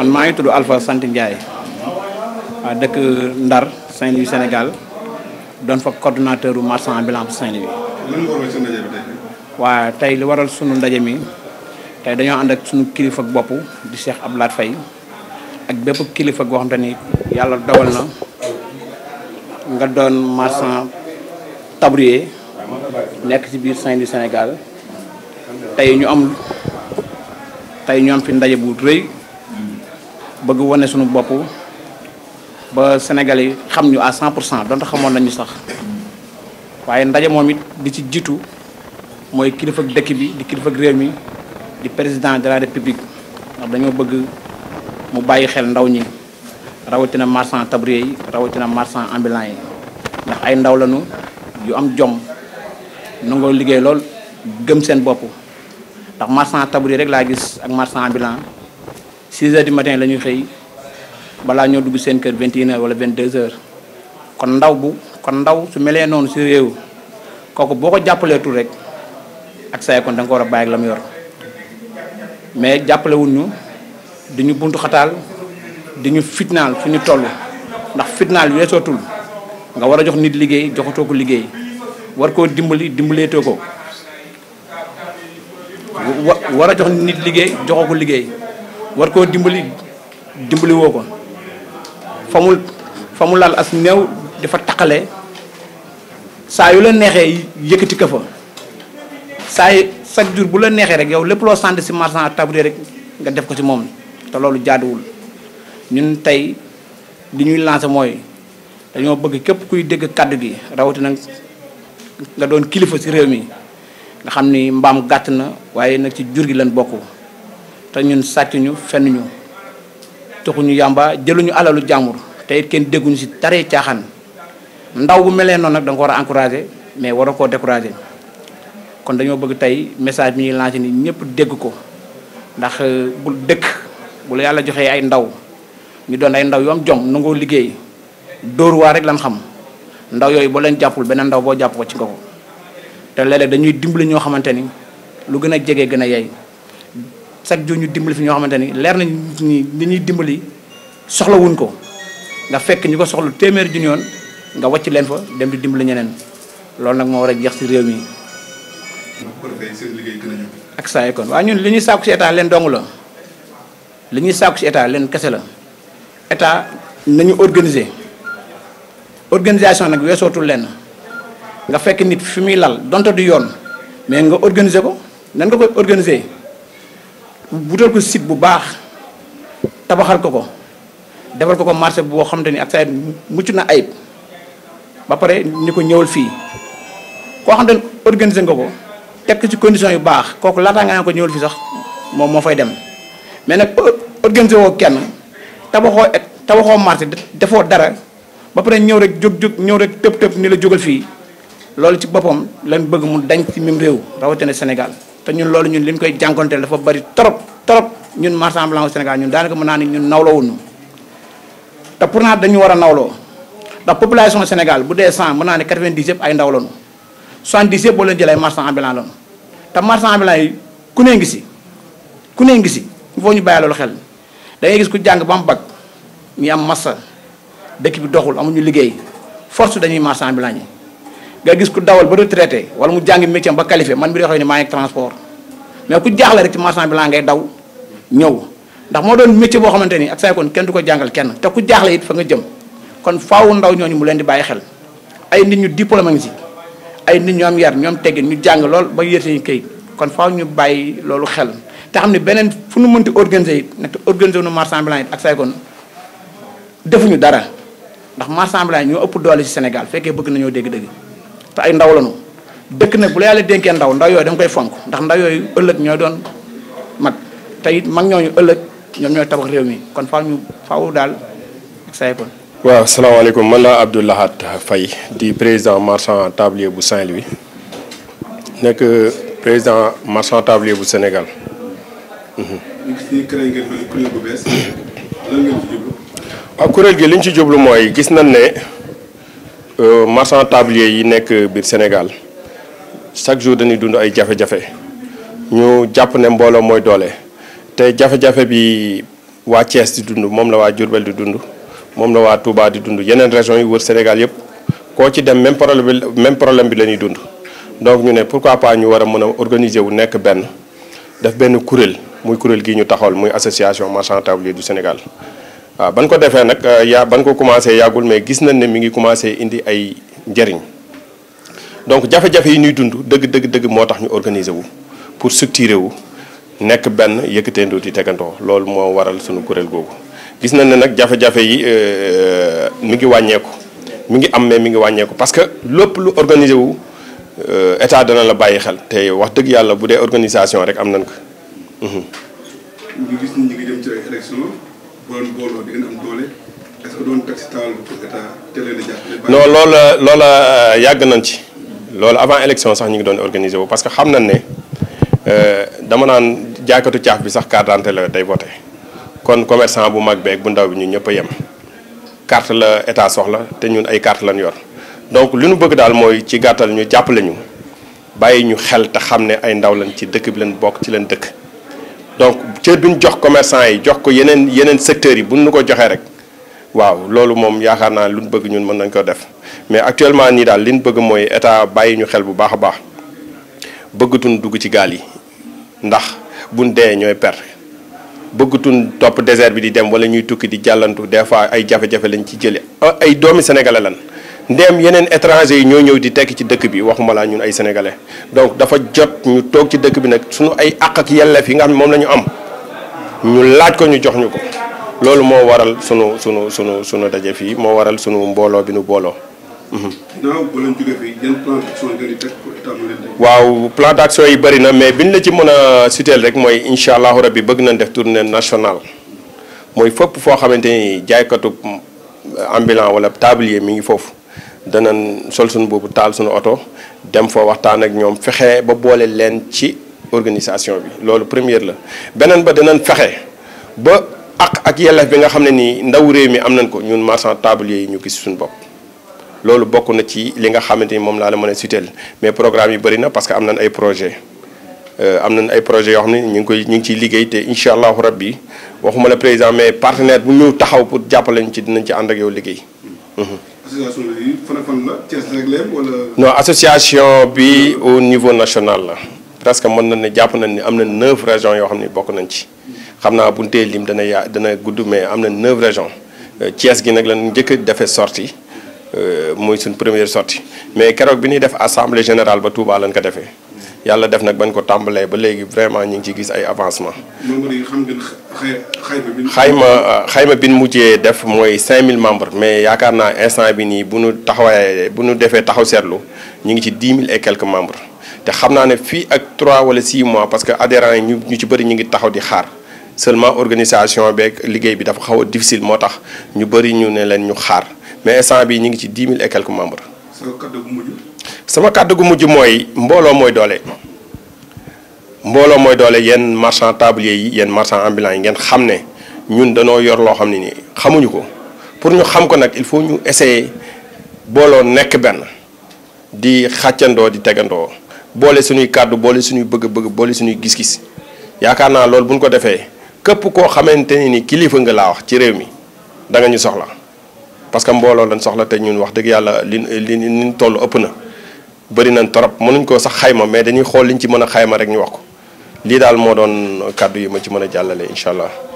man maa ngi tudd alfa sant Ndiaye waaw dëkk Ndar Saint-Louis Sénégal doon fa coordonnateur u marchand ambulant bu Saint-Louis. tey li waral sunu ndaje mi tey dañoo ànd ak sunu kilifa bopp di Cheikh Abdoulaye Faye ak bépp kilifa goo xam te yàlla dogal na nga doon marchand tablier nekk ci biir Saint-Louis Sénégal tey ñu am tey ñu am fi ndaje bu rëy. bëgg wane suñu bopp ba Sénégal yi xam ñu à 100 pour cent donte xamoon nañu sax waaye ndaje moom it di ci jiitu mooy kilifa dëkk bi di kilifa réew mi di président de la république ndax dañoo bëgg mu bàyyi xel ndaw ñi rawatina marchand tablier yi rawatina marchand ambulant yi ndax ay ndaw lañu yu am jom nangoo liggéey lool gëm seen bopp ndax marchand tablier laa gis ak marchand ambulant 6 heures du matin la ñuy xëy balaa ñoo dugg seen kër 21 heures wala 22 heures kon ndaw bu kon ndaw su melee noonu si réew kooku boo ko jàppalee tuut rek ak say kon da ko war a bàyyi la mu yor mais jàppale ñu di ñu buntu xataal di fu ñu toll ndax fitnaal weesootul nga war a jox nit liggéey joxatoo ko liggéey war koo dimbali dimbaleetoo ko war a jox nit liggéey joxoo ko liggéey. war koo dimbali dimbali woo ko fa mu fa mu laal as néew dafa taqale saa yu la neexee yëkkati ko fa saa yi chaque jour bu la neexee rek yow lépp loo sant si marsan tabri rek nga def ko ci moom te loolu jaaduwul ñun tey li ñuy lancé mooy dañoo bëgg képp kuy dégg kàddu gi rawatina nga doon kilifa ci réew mi nga xam ni mbaam gàtt na waaye nag ci jur gi lañ bokk te ñun sàccuñu fennuñu toxuñu yàmba jëluñu alalu jàmbur te it kenn dégguñu si taree caaxaan ndaw bu melee noonu nag da ko war a encouragé mais war a koo découragé kon dañoo bëgg tey message bi ñuy lancé ni ñëpp dégg ko ndax euh, bu dëkk bu la yàlla joxee ay ndaw ñu doon ay ndaw yu am jom nangoo liggéey dóor waa rek lan xam ndaw yooyu boo leen jàppul beneen ndaw boo jàpp ko ci nga ko te léeg dañuy dimbali ñoo xamante ni lu gën a jege gën a yey chaque jour ñu dimbali fi ñoo xamante ni leer nañu ni li ñuy dimbali soxla wuñ ko nga fekk ñu ko soxla téeméer junni yoon nga wàcc leen fa dem di dimbali ñeneen loolu nag moo war a jeex ci réew mi. ak saa yu kon waaye ñun li ñuy saaku ci état leen dong la li ñuy sàkku ci état leen kese la état nañu organiser organisation nag weesootul leen nga fekk nit fi muy lal donte du yoon mais nga organiser ko nan nga koy organiser. wutal ko site bu baax tabaxal ko ko defal ko ko marché boo xam ni ak saa mucc na ayib ba pare ni ko ñëwal fii koo xam ne ni organiser nga ko teg ko ci condition yu baax kooku laataa nga ko ñëwal fii sax moom moo fay dem mais nag organiser woo kenn tabaxoo et tabaxoo marché defoo dara ba pare ñëw rek jóg jóg ñëw rek tëb tëb ni la jógal fii loolu ci boppam lañ bëgg mu dañ ci même réew rawatina Sénégal te ñun loolu ñun li ñu koy jànkonteel dafa bari trop trop ñun marchand ambulant au Sénégal ñun daanaka mën naa ni ñun nawlawuñu te naa dañu war a nawloo ndax population Sénégal bu dee 100 mën naa ne 90 yëpp ay ndaw lañu 70 yëpp boo leen jëlee ay marchand ambulant te marchand ambulant yi ku ne ngi ku ne ngi si ñu bàyyi loolu xel da gis ku jàng ba mu bag ñu am massa dëkk bi doxul amuñu liggéey force dañuy marchand ambulant yi nga gis ku dawal ba traité wala mu jàngi métier ba qualifié man bi di wax ne maa ngi transport mais ku jaaxle rek ci marchand bi laa ngay daw ñëw ndax moo doon métier boo xamante ni ak say kon kenn du ko jàngal kenn te ku jaaxle it fa nga jëm kon faaw ndaw ñu mu leen di bàyyi xel ay nit ñu diplôme ngi si ay nit ñu am yar ñoom teggin ñu jàng lool ba yër seen këyit kon faw ñu bàyyi loolu xel te xam ne beneen fu nu mënti organiser it nag te organiser nu marchand ambulant ak say kon defuñu dara ndax marchand ambulant ñoo ëpp doole ci Sénégal fekkee bëgg nañoo dégg-dégg ay ndaw lañu dëkk nag bu la yàlla dénkee ndaw ndaw yooyu da nga koy fonk ndax ndaw yooyu ëllëg ñooy doon mag te mag ñooñu ëllëg ñoom ñooy tabax réew mi kon faaw faw faaw daal say ko waaw salaamaaleykum man la Abdou Lahat Faye di président marchand tablier bu Saint-Louis nekk président marchand tablier bu Sénégal. waaw mmh. ah, kuréel gi li ñu ci jublu mooy gis nañ ne. Euh, marchand tablier yi nekk biir Sénégal chaque jour dañuy dund ay jafe-jafe ñu jàpp ne mbooloo mooy doole te jafe-jafe bi waa Thiès di dund moom la waa jurbel di dund moom la waa Touba di dund yeneen régions yi wër Sénégal yëpp koo ci dem même problème bi même problème bi la ñuy dund donc ñu ne pourquoi pas ñu war a mën a organiser wu nekk benn def benn kuréel muy kuréel gi ñu taxawal muy association marchand tablier du Sénégal waaw ah, ban ko defee nag ah, yaa ban ko commencé yàggul mais gis nañ ne mu ngi commencé indi ay njëriñ donc jafe-jafe yi ñuy dund dëgg dëgg dëgg moo tax ñu organiser wu pour structurer wu nekk benn yëkkateendoo di tegandoo loolu moo waral sunu kuréel googu gis nañ ne nag jafe-jafe yi euh, euh, mu ngi wàññeeku mu ngi am mais mi ngi wàññeeku parce que lépp lu organiser wu euh, état dana la bàyyi xel te wax dëgg yàlla bu dee organisation rek am nañ ko. Mhm. bu doon booloo loola loola euh, yàgg nañ ci. loolu avant élection sax ñu ngi doon organiser wu parce que xam nañ ne euh, dama naan jaaykatu caaf bi sax carte d'identité day voté kon commerçant bu mag beeg bu ndaw bi ñu ñëpp yem carte la état soxla te ñun ay carte lañ yor donc lu ñu bëgg daal mooy ci gàttal ñu jàppale ñu bàyyi ñu xel te xam ne ay ndaw lañ ci dëkk bi lañ bokk ci leen dëkk donc cër bi ñu jox commerçant yi jox ko yeneen yeneen secteurs yi bu ñu ko joxee rek waaw loolu moom yaakaar naa lu ñu bëgg ñun mën nañ koo def mais actuellement nii daal li ñu bëgg mooy état bàyyi ñu xel bu baax a baax bëggatuñ dugg ci gaal yi ndax bu buñ dee ñooy perte bëggatuñ topp désert bi di dem wala ñuy tukki di jàllantu des fois ay jafe-jafe lañ ci jëlee ah, ay doomi sénégalais lan ndeem yeneen étranger yi ñoo ñëw di tekki ci dëkk bi waxuma laa ñun ay sénégalais donc dafa jot ñu toog ci dëkk bi nag suñu ay àq ak yelleef yi nga xam moom la ñu am ñu laaj ko ñu jox ñu ko loolu moo waral sunu sunu sunu sunu daje fii moo waral sunu mbooloo bi nu booloo. Mhm. waaw plan d'action yi bëri na mais biñ la ci mën a siteel rek mooy incha allahu rabbi bëgg nañ def tournée nationale mooy fépp foo xamante ni jaaykatu euh, ambulant wala tablier mi ngi foofu danañ sol suñu boobu taal suñu oto dem foo waxtaan ak ñoom fexe ba boole leen ci. organisation bi loolu première la beneen ba dinañ fexe ba ak ak yelleef bi nga xam ne nii ndaw réew mi am nañ ko ñun marchand tablier yi ñu gis suñu bopp loolu bokk na ci li nga xamante ni moom laa la mën a siteel mais programme yi barina parce que am nañ ay projet euh, am nañ ay projets yoo xam ne ñu ngi koy ñu ngi ciy liggéey te incha allahu rabbi waxuma la président mais partenaire bu ñu taxaw pour jàppale ñu ci dinañ ci ànd ak yow liggéey. Mhm. association association bi au niveau national la. presque mën na ne jàpp nañ ni am na neuf régions yoo xam ne bokk nañ ci xam naa bu ñu tee lim dana yaa dana gudd mais am na neuf régions euh, Thiès gi nag lañ njëkk a defee sortie euh, muy suñ première sorti mais keroog bi ñuy def assemblée générale ba Touba lañ ko defee yàlla def nag bañ ko tàmbalee ba léegi vraiment ñu ngi ciy gis ay avancement xayma xayma bi ñu mujjee def mooy 5000 membres mais yaakaar naa instant bi nii bu ñu taxawee bu ñu defee taxaw seetlu ñu ngi ci 10 000 quelques membres te xam naa ne fii ak 3 wala 6 mois parce que adhérents yi ñu ñu ci bëri ñu ngi taxaw di xaar seulement organisation beeg liggéey bi dafa xaw a difficile moo tax ñu bëri ñu ne leen ñu xaar mais instant bi ñu ngi ci 10 000 et sama kàddu gu mujj. mooy mbooloo mooy doole. mbooloo mooy doole yéen marchand tablier yi yéen marchand ambulant yi ngeen xam ne ñun danoo yor loo xam ne nii xamuñu ko pour ñu xam ko nag il faut ñu essayer booloo nekk benn di xàccandoo di tegandoo. boole suñuy kàddu boole suñuy bëgg-bëgg boole suñuy gis-gis yaakaar naa loolu bu ñu ko defee képp koo xamante ne ni kilifa nga laa wax ci réew mi da nga ñu soxla parce que mbooloo lañ soxla te ñun wax dëgg yàlla li li ñu toll ëpp na bëri nañ trop mënuñ ko sax xayma mais dañuy xool li liñ ci mën a xayma rek ñu wax ko lii daal moo doon kàddu yi ma ci mën a jàllale incha allah.